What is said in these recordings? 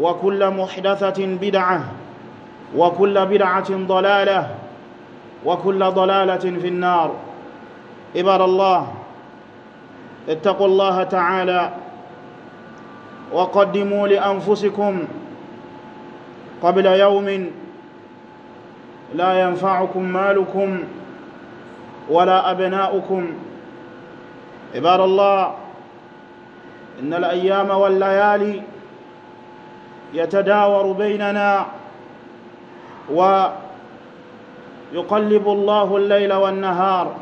وكل محدثة بدعة وكل بدعة ضلالة وكل ضلالة في النار عباد الله اتقوا الله تعالى وقدموا لأنفسكم قبل يوم لا ينفعكم مالكم ولا أبناؤكم عباد الله إن الأيام والليالي يتداور بيننا ويقلب الله الليل والنهار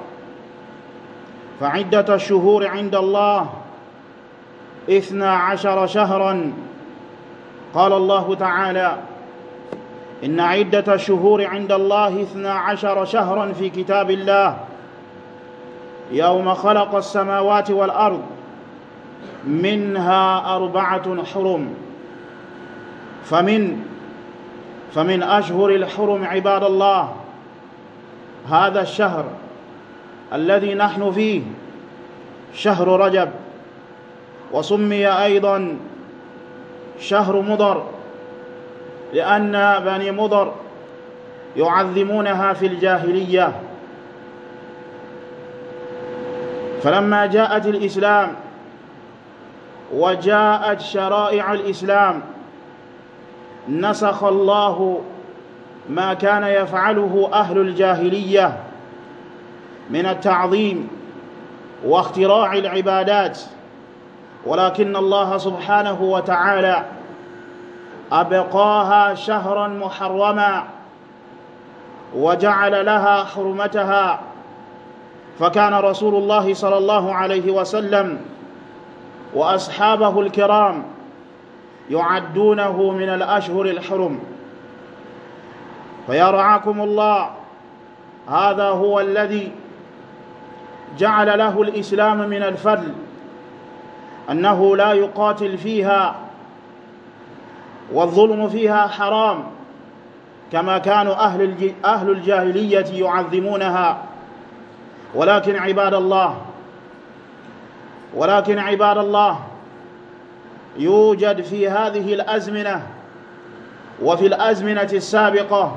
فعدة الشهور عند الله إثنى عشر شهرا قال الله تعالى إن عدة الشهور عند الله إثنى عشر شهرا في كتاب الله يوم خلق السماوات والأرض منها أربعة حرم فمن فمن أشهر الحرم عباد الله هذا الشهر الذي نحن فيه شهر رجب وسمي أيضا شهر مضر لأن بني مضر يعظمونها في الجاهلية فلما جاءت الإسلام وجاءت شرائع الإسلام نسخ الله ما كان يفعله أهل الجاهلية من التعظيم واختراع العبادات ولكن الله سبحانه وتعالى أبقاها شهرا محرما وجعل لها حرمتها فكان رسول الله صلى الله عليه وسلم وأصحابه الكرام يعدونه من الأشهر الحرم فيرعاكم الله هذا هو الذي جعل له الإسلام من الفضل أنه لا يقاتل فيها والظلم فيها حرام كما كان أهل, أهل الجاهلية يعظمونها ولكن عباد الله ولكن عباد الله يوجد في هذه الأزمنة وفي الأزمنة السابقة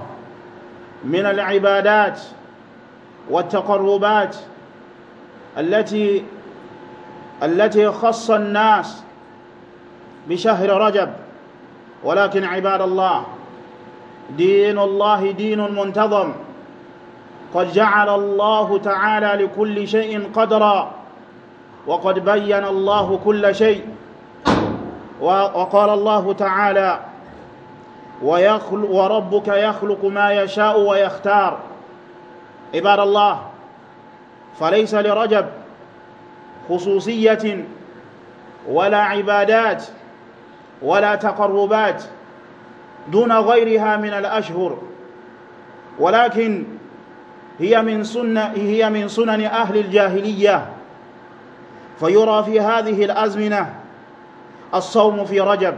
من العبادات والتقربات التي التي خص الناس بشهر رجب ولكن عباد الله دين الله دين منتظم قد جعل الله تعالى لكل شيء قدرا وقد بين الله كل شيء وقال الله تعالى ويخلق وربك يخلق ما يشاء ويختار عباد الله فليس لرجب خصوصية ولا عبادات ولا تقربات دون غيرها من الأشهر ولكن هي من سنة هي من سنن أهل الجاهلية فيرى في هذه الأزمنة الصوم في رجب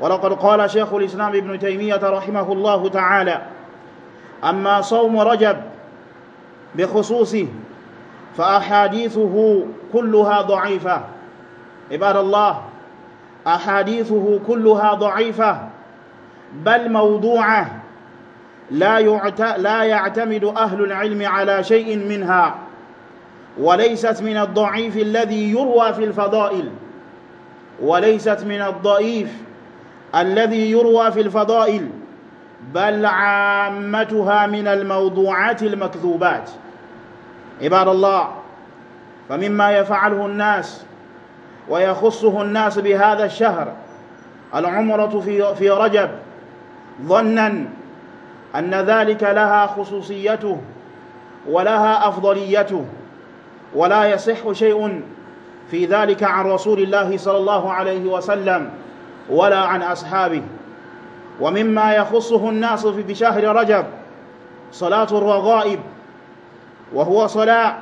ولقد قال شيخ الإسلام ابن تيمية رحمه الله تعالى أما صوم رجب بخصوصه فأحاديثه كلها ضعيفة عباد الله أحاديثه كلها ضعيفة بل موضوعة لا, لا يعتمد أهل العلم على شيء منها وليست من الضعيف الذي يروى في الفضائل وليست من الضعيف الذي يروى في الفضائل بل عامتها من الموضوعات المكذوبات عباد الله فمما يفعله الناس ويخصه الناس بهذا الشهر العمرة في, في رجب ظنا أن ذلك لها خصوصيته ولها أفضليته ولا يصح شيء في ذلك عن رسول الله صلى الله عليه وسلم ولا عن أصحابه ومما يخصه الناس في شهر رجب صلاة الرغائب وهو صلاة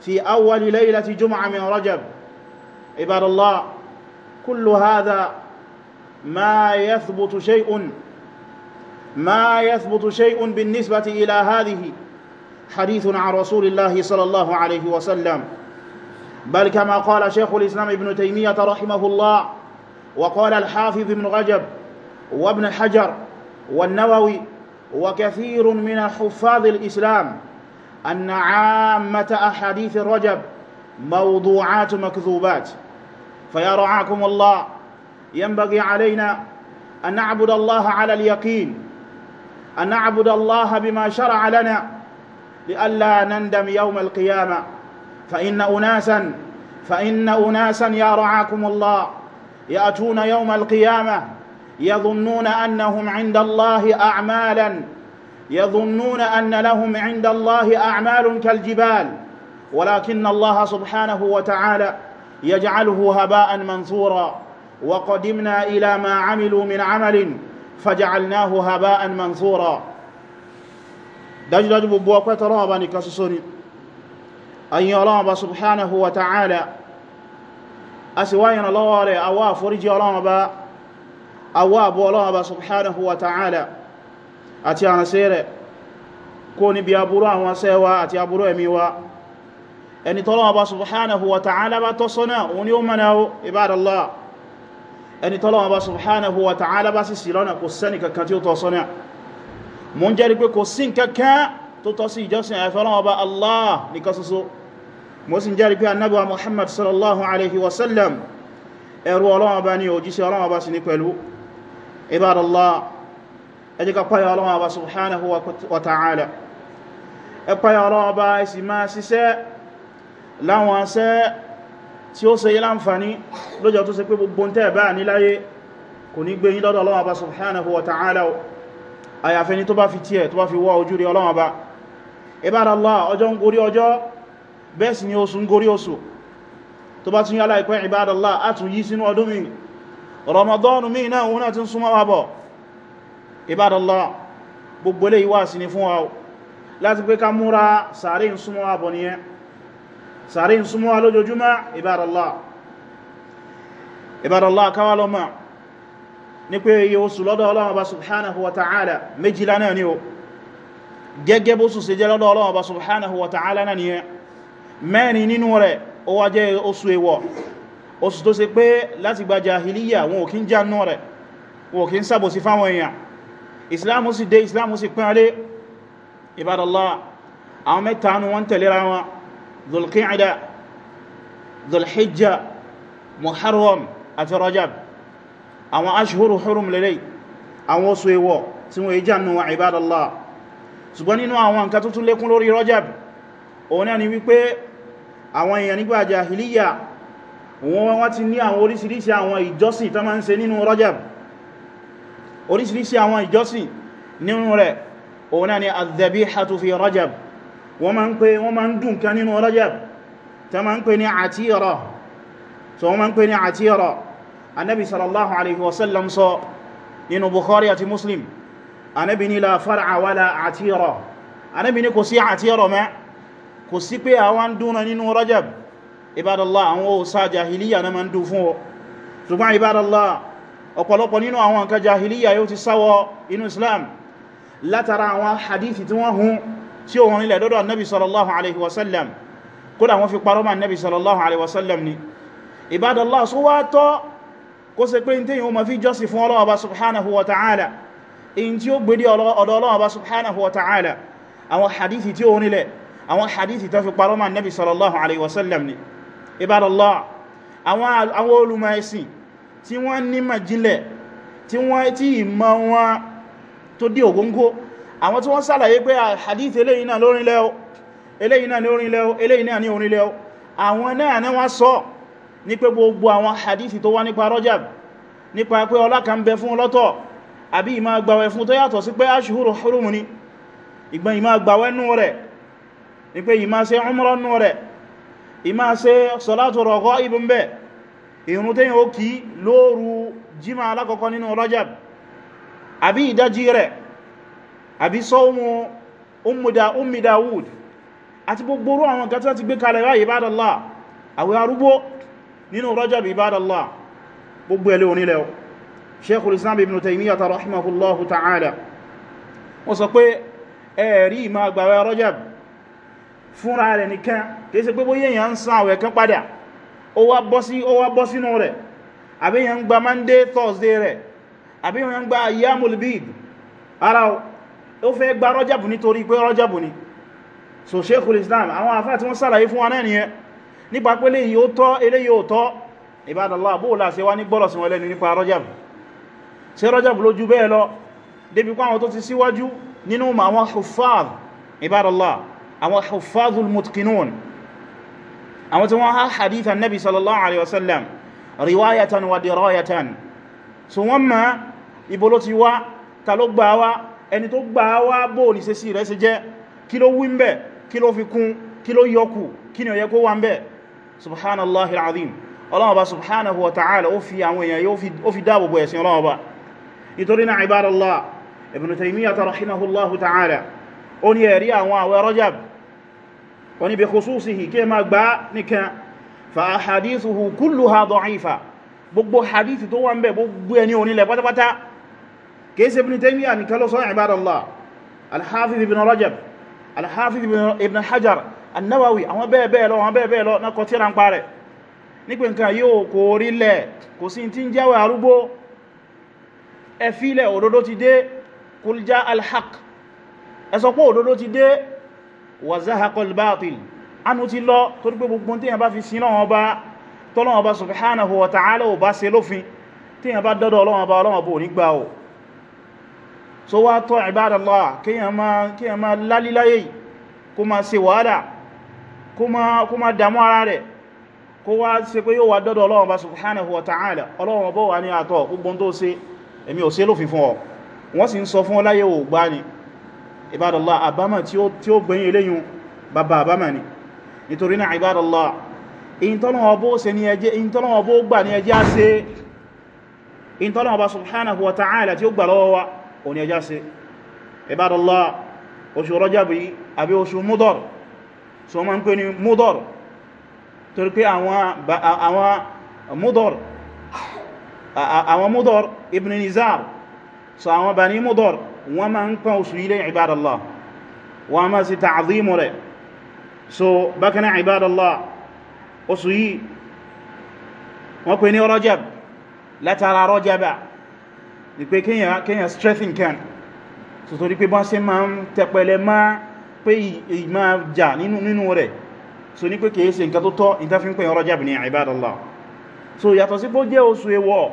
في أول ليلة جمعة من رجب عباد الله كل هذا ما يثبت شيء ما يثبت شيء بالنسبة إلى هذه حديث عن رسول الله صلى الله عليه وسلم بل كما قال شيخ الإسلام ابن تيمية رحمه الله وقال الحافظ ابن رجب وابن حجر والنووي وكثير من حفاظ الإسلام أن عامة أحاديث الرجب موضوعات مكذوبات فيا رعاكم الله ينبغي علينا أن نعبد الله على اليقين أن نعبد الله بما شرع لنا لئلا نندم يوم القيامة فإن أناسا فإن أناسا يا رعاكم الله يأتون يوم القيامة يظنون أنهم عند الله أعمالا يظنون أن لهم عند الله أعمال كالجبال ولكن الله سبحانه وتعالى يجعله هباء منثورا وقدمنا إلى ما عملوا من عمل فجعلناه هباء منثورا دجدج بوبوكة رابا نكسسوني ayin ọlọ́wọ́ bá subhanahu wa ta'ala a sì wáyìn lọ́wọ́ rẹ̀ awọ́ àforíjì ọlọ́wọ́ bá awọ́ àbú ọlọ́wọ́ bá subhanahu wa ta'ala àti àrẹsẹ́ rẹ̀ kó níbi aburú àwọn sẹ́wa àti aburú ẹ̀mí wa ẹni tọ́lọ́wọ́ bá subhanahu wa ta'ala bá tọ́ sọ́nà òun ni ó ó tọ́ tó tọ́ sí ìjọsìn àyàfọ́lọ́wọ́ bá Allah nìkan ṣoṣo mo sì jẹ́rìí pé annabuwa Muhammad sallallahu alaihi wasallam ẹrú Ọlọ́run bá ní òjíṣẹ́ Ọlọ́run bá sí ní pẹ̀lú ibadallah ẹ jẹ́ ká páyà Ọlọ́run bá subhanahu wa ta'ala ẹ páyà Ọlọ́run bá isi máa ṣiṣẹ́ láwọn ṣẹ́ tí ó ṣe yí láǹfàní lójọ tó ṣe pé gbogbo tẹ́ kò ní gbé yín lọ́dọ̀ Ọlọ́run bá subhanahu wa ta'ala àyàfẹ́ni tó bá fi tí ẹ̀ tó bá fi wá ojú rí Ọlọ́run Ibadallah ọjọ́ ń gorí ọjọ́ bẹ́ẹ̀ sì ni oṣù ń gorí oṣù tó bá tún yá láìpẹ́ Ibadallah á tún yí sínú ọdún mi Ramadan mi náà òun náà ti ń súnmọ́ wa bọ̀ Ibadallah gbogbo lè wá sí ni fún wa láti pé ká múra sàárè ń súnmọ́ wa bọ̀ gẹ́gẹ́ bó sùn sí jẹ́ lọ́dọ̀ Ọlọ́run Ọba subhanahu wa ta'ala náà nìyẹn mẹ́rin nínú rẹ̀ ó wá jẹ́ oṣù èwọ̀ oṣù tó ṣe pé láti gba jahiliya wọn ò kí ń jánú rẹ̀ wọn ò kí ń sàbò sí fáwọn èèyàn islamu sì dé islamu sì pín alé ibadallah àwọn mẹ́ta nù wọ́n tẹ̀lera wọn oṣù èwọ̀ tí wọ́n yí jánú wa ibadallah ṣùgbọ́n nínú àwọn nǹkan tó tún lékún lórí Rajab òun náà ni wípé àwọn èèyàn nígbà jahiliya wọ́n wọ́n ti ní àwọn oríṣiríṣi àwọn ìjọsìn tó máa ń ṣe nínú Rajab oríṣiríṣi àwọn ìjọsìn nínú rẹ̀ òun náà ni az-zabihatu fi Rajab wọ́n máa ń pè wọ́n máa ń dùn kan nínú Rajab anábi ní la far'a wala àtírọ̀ anábi ní kò sí àtírọ̀ mẹ́ kò sí pé àwọn dúnà nínú rajab ibadallah àwọn òsà jahiliya na ma ń dú fún ọ ṣùgbọ́n ibadallah ọ̀pọ̀lọpọ̀ nínú àwọn nǹkan jahiliya yóò ti sáwọ inú islam látara àwọn hadithi tí wọ́n hun tí ó wọn ilẹ̀ dọ́dọ̀ annabi sallallahu alaihi wasallam kódà wọ́n fi parọ́ ma annabi sallallahu alaihi wasallam in tí ó gbédé ọ̀dọ̀ Ọlọ́run Ọba subhanahu wa ta'ala àwọn hadithi tí ó nílẹ̀ àwọn hadithi tó fi parọ́mà nabi sallallahu alaihi wasallam ni ibadallah àwọn olùmọ̀ẹ́sìn tí wọ́n nímọ̀ jílẹ̀ tí wọ́n tí ìmọ̀ wọn tó dí ògóngó àwọn tí wọ́n sàlàyé pé hadith eléyìí náà lórí lẹ́ọ eléyìí náà lórí lẹ́ọ eléyìí náà ní orí lẹ́ọ àwọn náà náà wọ́n sọ ní pé gbogbo àwọn hadith tó wá nípa Rajab nípa pé ọlá kan bẹ fún lọ́tọ̀ àbí ìmá agbáwẹ̀ fún tó yàtọ̀ sí pé aṣùhúrù hurumu ni ìgbọ́n ìmá agbáwẹ̀ nú rẹ̀ ní pé ìmá ṣe umra nú rẹ̀ ìmá ṣe salatu raghaib bẹ̀ ìrun tẹ́yìn ó kí lóòrù jíma alákọ̀ọ́kọ́ nínú Rajab àbí ìdájí rẹ̀ àbí sọ́ọ̀mù ummuda ummi Dawud àti gbogbo orú àwọn gata ti gbé ẹ̀lẹ́ onílẹ̀ ọ̀ sheikhul islam ibn taymiyyah rahimahullahu ta'ala ó sọ pé ẹ̀rí ma gbàwẹ̀ rajab fúnra rẹ̀ nìkan kìí ṣe pé bóyá èyàn ń san àwẹ̀ kan padà ó wá bọ́ sí ó wá bọ́ sínú rẹ̀ àbí èyàn ń gba monday thursday rẹ̀ àbí èyàn ń gba yamul bid ara ó fẹ́ gba rajab nítorí pé rajab ni so sheikhul islam àwọn àfáà tí wọ́n sàlàyé fún wa náà nìyẹn nípa pé ṣe Rajab lójú bẹ́ẹ̀ lọ débi kó àwọn tó ti síwájú nínú àwọn huffaz ibadallah àwọn huffazul mutqinun àwọn tí wọ́n ha hadith annabi sallallahu alaihi wasallam riwayatan wa dirayatan so wọ́n ma ibo ló ti wá ta ló gbà wá ẹni tó gbà wá bó ní ṣe sí rẹ̀ ṣe jẹ́ kí ló wí ń bẹ̀ kí ló fi kún kí ló yọkù kí ni ó yẹ kó wà ń bẹ̀ subhanallahi alazim ọlọ́wọ́ subhanahu wa ta'ala ó fi àwọn èèyàn ó fi dáàbòbò ẹ̀sìn ọlọ́wọ́ nítorí náà ibadallah Ibn Taymiyyah rahimahullahu ta'ala ó ní ẹ̀rí àwọn àwẹ̀ Rajab wọ́n ní bí khususihi kí ma gbá nìkan fa ahadithuhu kulluha da'ifa gbogbo hadithi tó wà ń bẹ gbogbo ẹni onílẹ̀ pátápátá kìí ṣe Ibn Taymiyyah nìkan ló sọ ibadallah al-Hafiz Ibn Rajab al-Hafiz Ibn Hajar an ẹ fílẹ̀ òdodo ti dé kúljá alhaq ẹ sọ pé òdodo ti dé wà záhakọl bátil anú ti lọ tó rí pé gbogbo tí yẹn bá fi sí náà ọba tọ́lọ́wọ́ bá subhanahu wa ta'ala ò bá ṣe lófin tí yẹn bá dọ́dọ̀ ọlọ́wọ́ bá ọlọ́wọ́ bó nígbà ò so wá tọ́ ìbádàlá kí yẹn máa lálíláyé kó máa ṣe wá ṣe pé yóò wá dọ́dọ̀ ọlọ́wọ́ bá subhanahu wa ọlọ́wọ́ bó wà ní àtọ̀ gbogbo tó ṣe èmi ò ṣe lófin fún ọ wọ́n sì ń sọ fún ọláyé ò gbá ni ìbádọ́lá àbámà tí ó gbẹ̀yìn eléyìn bàbá àbámà ni nítorí náà ìbádọ́lá ìntọ́lọ́wọ́ bó gbà ní ẹjẹ́ àṣẹ ìntọ́lọ́wọ́ bá subhanahu wa ta'ala tí ó gbà lọ́wọ́ wa ò ní àwọn mudor ibn nizar so àwọn bani mudor wọ́n ma ń pẹ́ oṣù ilé ibadallah wọ́n ma sì ta'azimu rẹ̀ so bákaná ibadallah oṣù yìí wọ́n pè ní rajab látara rajaba ni pé kíyàn strengthen can so torí pé bọ́n sí ma ń tẹpẹlẹ ma pé ìmá jà nínú rẹ̀ so ní pé kìí ṣe nǹkan tó tọ́ ìtafínpẹ̀ rajab ní ibadallah so yàtọ̀ sí bó jẹ́ oṣù ewọ́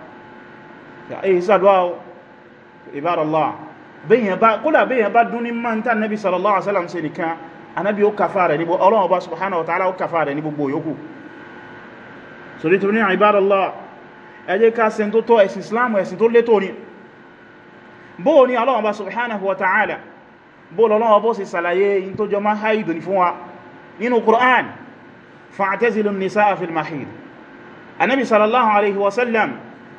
èyí sàdúwà ìbáraláà bẹ́yàn bá kódà bẹ́yàn bá dún ní mọ́ntá nabi sallallahu alaihi wasallam ṣe nìkan anábi ó kàfà rẹ̀ níbo ọlọ́run ọba subhanahu wa ta'ala ó kàfà rẹ̀ ní gbogbo yòókù so ní torí ìbáraláà ẹ jẹ́ ká ṣe tó tọ́ ẹ̀sìn islam ẹ̀sìn tó létò ní bóò ní ọlọ́run ọba subhanahu wa ta'ala bóò lọ́lọ́run ọba sì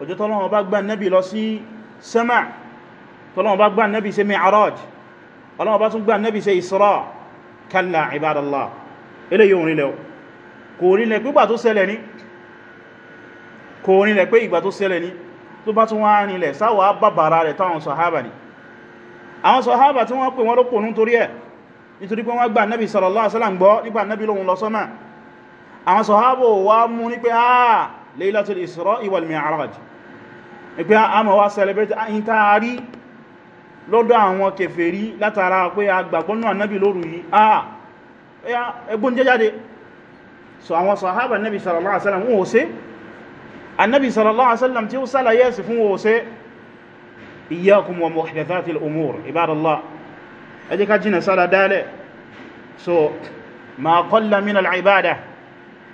òjò tọ́lọ́wọ́ bá gbá nẹ́bì lọ sí sẹ́mà tọ́lọ́wọ́ bá gbá nẹ́bì sí mi'araj ọlọ́wọ́ bá tún gbá nẹ́bì sí isra kalla ibadallah ilé yóò rílẹ̀ kò rílẹ̀ pé ìgbà tó ṣẹlẹ̀ ní kò rílẹ̀ pé ìgbà tó ṣẹlẹ̀ ní tó bá tún wá rílẹ̀ sáwà bàbàrà rẹ̀ táwọn sọ̀hábà ni àwọn sọ̀hábà tí wọ́n pè wọ́n lópò ní torí ẹ̀ nítorí pé wọ́n Laylatul Isra' wal Mi'raj ìpé a máa wá celebrate ayin ta rí lọ́dọ̀ àwọn kèfèrí látara pé a gbàgbọ́ náà nábi lóru yìí a ẹgbùn jẹ́jáde so àwọn sahaba nabi sallallahu alaihi wasallam wọ́n se annabi sallallahu alaihi wasallam tí ó sálàyé sí fún wọ́n se iyyakum wa muhdathatil umur ibadallah ẹ jẹ́ ká jìnà sára dálẹ̀ so ma qalla min al-ibadah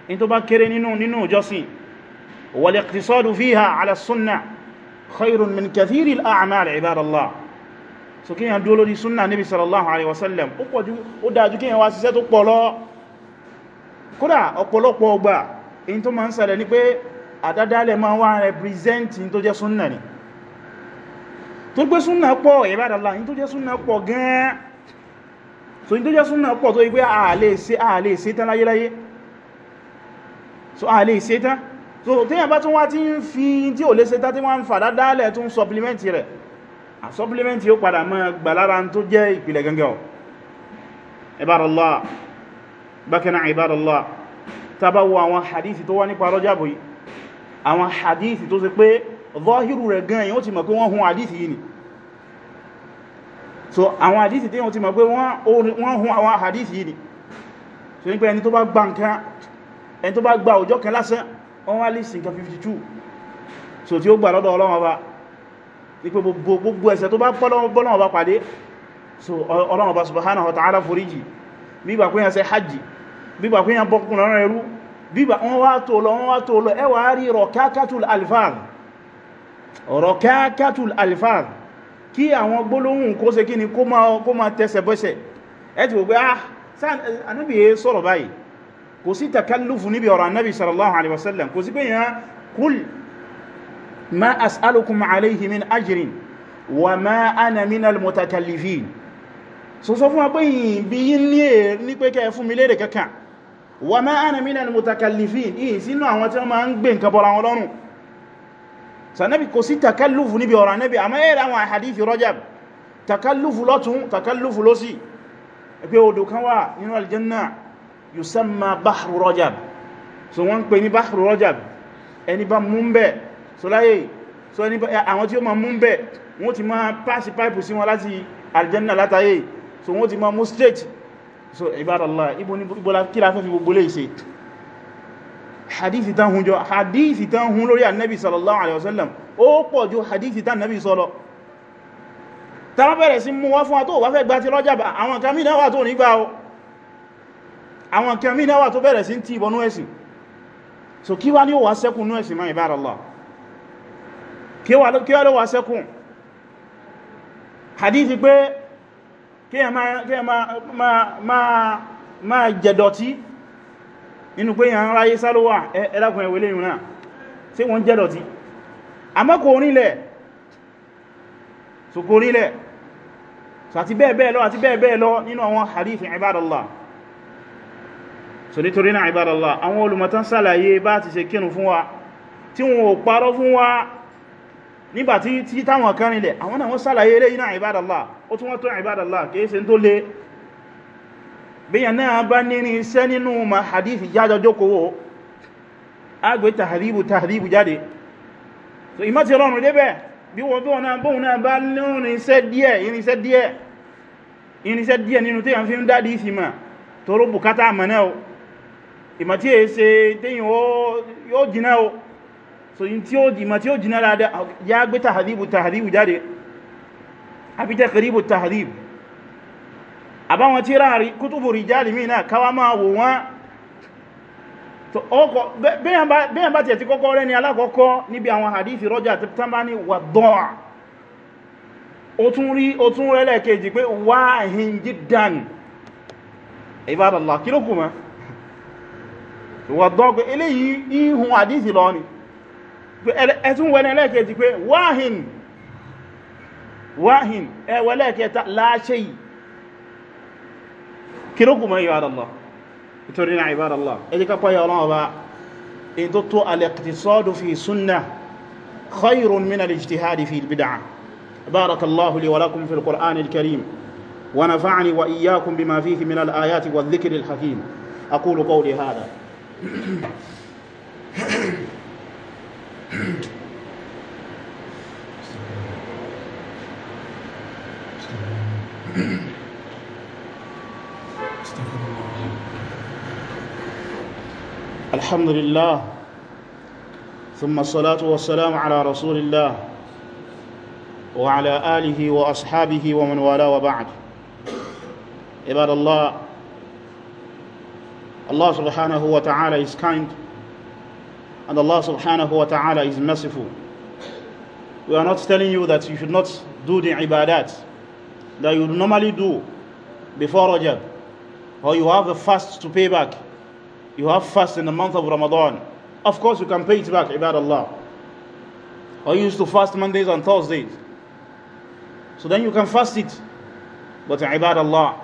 in tó bá kéré nínú nínú والاقتصاد فيها على السنة خير من كثير الأعمال عباد الله so kí yàn dúó lórí súnnà níbi sallallahu alaihi wasallam ó dájú kí yàn wá síṣẹ́ tó pọ̀lọ́ kódà ọ̀pọ̀lọpọ̀ ọgbà in tó ma ń ṣẹlẹ̀ ní pé àdádálẹ̀ ma wá represent in tó jẹ́ súnnà ni tó gbé súnnà pọ̀ ìbádàlá in tó jẹ́ súnnà pọ̀ gan-an so in tó jẹ́ súnnà so téèyàn bá tún wá tí ń fi tí ò lè ṣe tàbí wọ́n ń fàdá dálẹ̀ tún supplementi rẹ̀ a supplementi ó padà mọ́ gbàlára tó jẹ́ ìpìlẹ̀ gangan ọ̀ ibadallah bákaná ibadallah tabawo àwọn hadithi tó wá nípa rọ́jàbò yìí àwọn hadithi tó ṣe pé zọ́hírù rẹ̀ gan yíó ti mọ̀ pé so àwọn hadithi tí yíó ti mọ̀ pé wọ́n hun àwọn so nípa ẹni tó bá gba nǹkan ẹni tó bá gba ọjọ́ kan lásán wọ́n wá lè sìnkan 52 so tí ó gbà lọ́dọ̀ Ọlọ́run Ọba ní pé gbogbo ẹ̀ṣẹ̀ tó bá bọ́lọ́run Ọba pàdé so Ọlọ́run Ọba subhanahu wa ta'ala foríjì bígbà kó yàn ṣe hajji bígbà kó yàn bọ́kùn lọ́rọ̀ ẹrú bígbà wọ́n wá tó lọ wọ́n wá tó lọ ẹ wá rí rọ̀kákàtùl alfáàr rọ̀kákàtùl alfáàr kí àwọn gbólóhùn kó ṣe kí ni kó máa tẹsẹ̀ bọ́sẹ̀ ẹ ti wò pé ah sáà anábìyẹ sọ̀rọ̀ báyìí kò sí takallufu níbi ọ̀rọ̀ annabi sallallahu alaihi wasallam kò sí pé yán kul ma as'alukum alaihi min ajrin wa ma ana min almutakallifin so so fún wa pé yìí bí yí ní è ní pé kẹ fún mi léde wa ma ana min almutakallifin yìí sínú àwọn tí wọ́n máa ń gbé nǹkan bọ́ra wọn lọ́rùn sanabi kò sí takallufu níbi ọ̀rọ̀ annabi àmọ́ ẹ̀rẹ̀ àwọn àhàdífi rọ́jàb takallufu lọ́tún takallufu lọ́sí pé odò kan wà nínú aljanna yusamma bahru rajab so wọ́n pè ní bahru rajab ẹni bá mú bẹ̀ so láyé so ẹni bá àwọn tí ó ma mú bẹ̀ wọ́n ti ma pàṣí pipe sí wọn láti aljanna látàyè so wọ́n ti ma mú straight so ibadallah ibo ní ibọ́lá kí la fẹ́ fi gbogbo lè ṣe hadithi tán hun jọ hadithi tán hun lórí annabi sallallahu alaihi wasallam ó pọ̀ jù hadithi tán nabi àwọn kan mí náwà tó bẹ̀rẹ̀ sí ti ìbọnú ẹ̀sìn so kí wá ní ó wá sẹ́kùn ní ẹ̀sìn máa ìbáraláà kí wá ló wá sẹ́kùn hadithi pé kí ẹ máa jẹ́dọ̀tí nínú pé yàn ráyé sálówà ẹlákùn ẹ̀wẹ̀lẹ̀ ìrìn tí wọ́n jẹ́dọ̀tí so nítorí náà ìbádàlá àwọn olùmọ̀tán sàlàyé bá ti ṣe kírun fún wa tí wọn ò parọ́ fún wa nígbàtí tí táwọn kan rinlẹ̀ àwọn náà wọ́n sàlàyé eré iná ìbádàlá ó tún wọ́n tó ìbádàlá kìíṣe tó lé bíyàn náà bá ní ní iṣẹ́ nínú ma hadith jájọ jókòó agbé tahribu tahribu jáde so ìmọ̀ tí ṣe tẹ́yìn yóò jìnà o so yí tí ó jìmọ̀ tí ó jìnà rádá ya gbé ta hadibu jáde àbí tàhàdìbù tàhàdìbù àbáwọn tí ráàrí kútùbù rijali mí káwà máa wò wọ́n bẹ́yàn bá tẹ̀ tí kọ́kọ́ rẹ ni alákọ́kọ́ níbi àwọn hadithi rọ́jà tí bá ní wà dọ́à tún rí wọ̀dọ́ pé eléyìí ihun àdísì lọ ni ẹ̀tún wẹ́n ẹlẹ́kẹ̀ẹ́jì pé wáhìn wáhìn ẹwẹ́ lẹ́kẹ̀ẹ́ta láṣẹ́ yìí kí ló kù mọ́ ibadallah ìtorí náà ibadallah ẹjẹ́ kápọ̀ yà ọlọ́wọ́ bá ètò tó al-iqtisadu fi sunnah khayrun min al-ijtihadi fi bid'ah barakallahu ونفعني وإياكم بما فيه من الآيات والذكر الحكيم أقول قولي هذا الحمد لله ثم الصلاة والسلام على رسول الله وعلى آله وأصحابه ومن والاه وبعد عباد الله Allah subhanahu wa ta'ala is kind and Allah subhanahu wa ta'ala is merciful. We are not telling you that you should not do the ibadat that you normally do before Rajab or you have a fast to pay back. You have fast in the month of Ramadan. Of course you can pay it back, ibad Allah. Or you used to fast Mondays and Thursdays. So then you can fast it. But ibad Allah,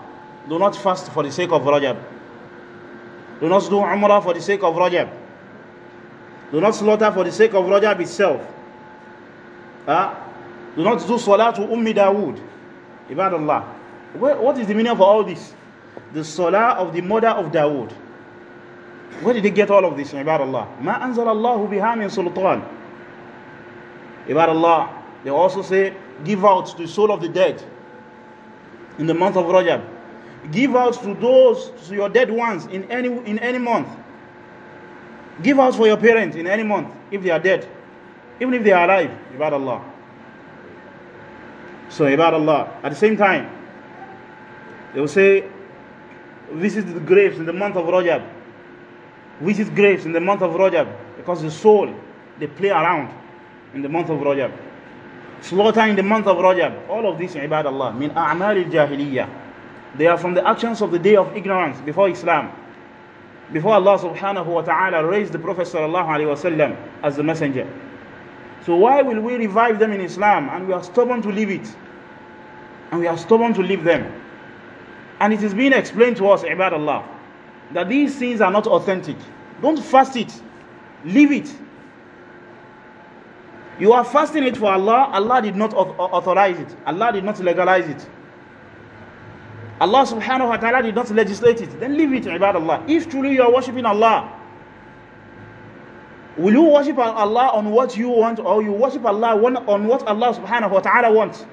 do not fast for the sake of Rajab. Do not do Umrah for the sake of Rajab. Do not slaughter for the sake of Rajab itself. Huh? Ah, do not do Salah to Ummi Dawood. Ibadallah. What is the meaning of all this? The Salah of the mother of Dawood. Where did they get all of this? Ibadallah. Ma anzal Allahu biha min sultan. Ibadallah. They also say, give out the soul of the dead in the month of Rajab. Give out to those, to your dead ones in any, in any month. Give out for your parents in any month if they are dead. Even if they are alive, ibad Allah. So ibad Allah. At the same time, they will say, visit the graves in the month of Rajab. Visit graves in the month of Rajab. Because the soul, they play around in the month of Rajab. Slaughter in the month of Rajab. All of this in ibad Allah. Min a'mal al-jahiliyyah. They are from the actions of the day of ignorance before Islam. Before Allah subhanahu wa ta'ala raised the Prophet sallallahu alayhi wasallam as the messenger. So why will we revive them in Islam and we are stubborn to leave it? And we are stubborn to leave them. And it is being explained to us, ibad Allah, that these things are not authentic. Don't fast it. Leave it. You are fasting it for Allah. Allah did not authorize it. Allah did not legalize it. Allah subhanahu wa ta'ala did not legislate it. Then leave it, ibad Allah. If truly you are worshipping Allah, will you worship Allah on what you want or you worship Allah on what Allah subhanahu wa ta'ala wants?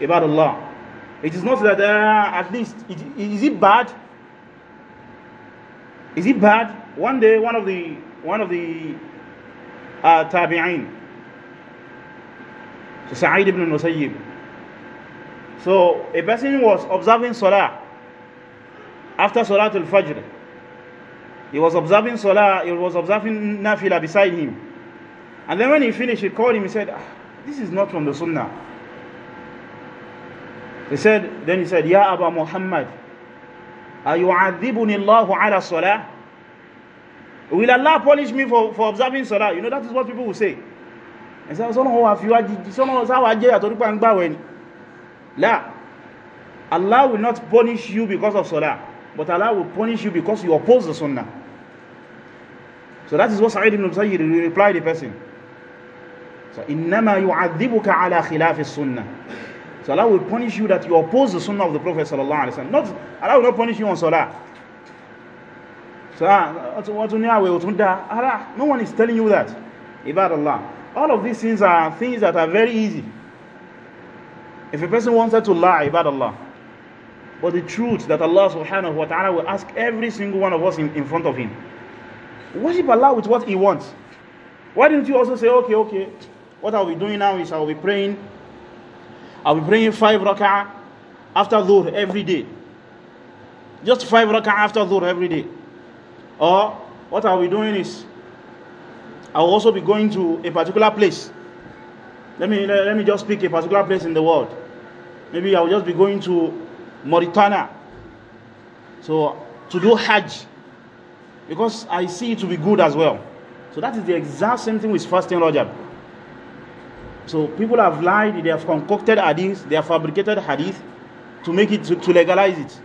Ibad Allah. It is not that uh, at least, it, is it bad? Is it bad? One day, one of the, one of the uh, so Sa'id ibn Musayyib, so a person was observing Salah after Salatul Fajr. He was observing Salah, he was observing Nafila beside him. And then when he finished, he called him, he said, ah, This is not from the Sunnah. He said, then he said, Ya Aba Muhammad, Ayu'adhibuni Allahu ala Salah? Will Allah punish me for, for observing Salah? You know, that is what people will say. And so, so, La. Allah will not punish you because of salah, but Allah will punish you because you oppose the sunnah. So that is what Sa'id ibn Musayyid replied the person. So innama yu'adhibuka ala khilaf sunnah. So Allah will punish you that you oppose the sunnah of the Prophet sallallahu alaihi wasallam. Not Allah will not punish you on salah. So ah, no one is telling you that. Ibad Allah. All of these things are things that are very easy. If a person wanted to lie about Allah, but the truth that Allah subhanahu wa ta'ala will ask every single one of us in, in front of him. Worship Allah with what he wants. Why didn't you also say, okay, okay, what are we doing now is I'll be praying. I'll be praying five rak'ah after dhuhr every day. Just five rak'ah after dhuhr every day. Or what are we doing is I'll also be going to a particular place. Let me, let me just pick a particular place in the world maybe I'll just be going to Mauritania so to do Hajj because I see it to be good as well so that is the exact same thing with fasting Rajab so people have lied they have concocted hadith they have fabricated hadith to make it to, to legalize it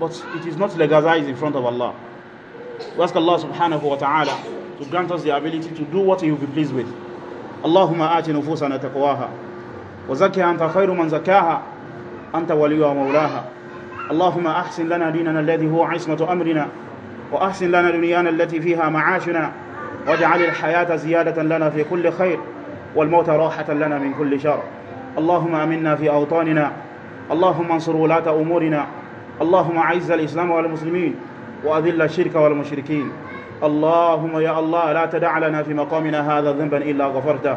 but it is not legalized in front of Allah we ask Allah subhanahu wa ta'ala to grant us the ability to do what he will be pleased with اللهم آت نفوسنا تقواها وزكها أنت خير من زكاها أنت ولي ومولاها اللهم أحسن لنا ديننا الذي هو عصمة أمرنا وأحسن لنا دنيانا التي فيها معاشنا واجعل الحياة زيادة لنا في كل خير والموت راحة لنا من كل شر اللهم أمنا في أوطاننا اللهم انصر ولاة أمورنا اللهم عز الإسلام والمسلمين وأذل الشرك والمشركين اللهم يا الله لا تدع لنا في مقامنا هذا ذنبا إلا غفرته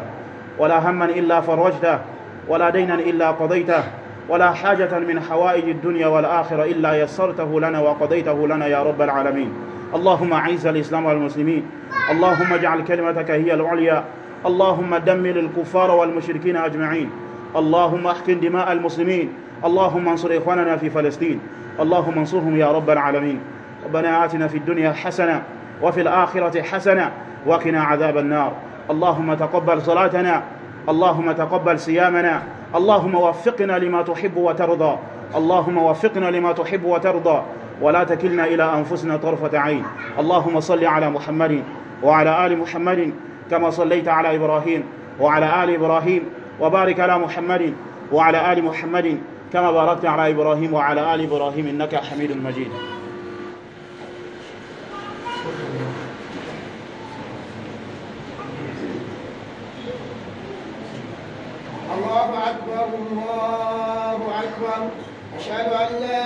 ولا هما إلا فرجته ولا دينا إلا قضيته ولا حاجة من حوائج الدنيا والآخرة إلا يسرته لنا وقضيته لنا يا رب العالمين اللهم أعز الإسلام والمسلمين اللهم اجعل كلمتك هي العليا اللهم دمر الكفار والمشركين أجمعين اللهم احقن دماء المسلمين اللهم انصر إخواننا في فلسطين اللهم انصرهم يا رب العالمين ربنا آتنا في الدنيا حسنة وفي الآخرة حسنة وقنا عذاب النار اللهم تقبل صلاتنا اللهم تقبل صيامنا اللهم وفقنا لما تحب وترضى اللهم وفقنا لما تحب وترضى ولا تكلنا إلى أنفسنا طرفة عين اللهم صل على محمد وعلى آل محمد كما صليت على إبراهيم وعلى آل إبراهيم وبارك على محمد وعلى آل محمد كما باركت على إبراهيم وعلى آل إبراهيم إنك حميد مجيد أشهد أن لا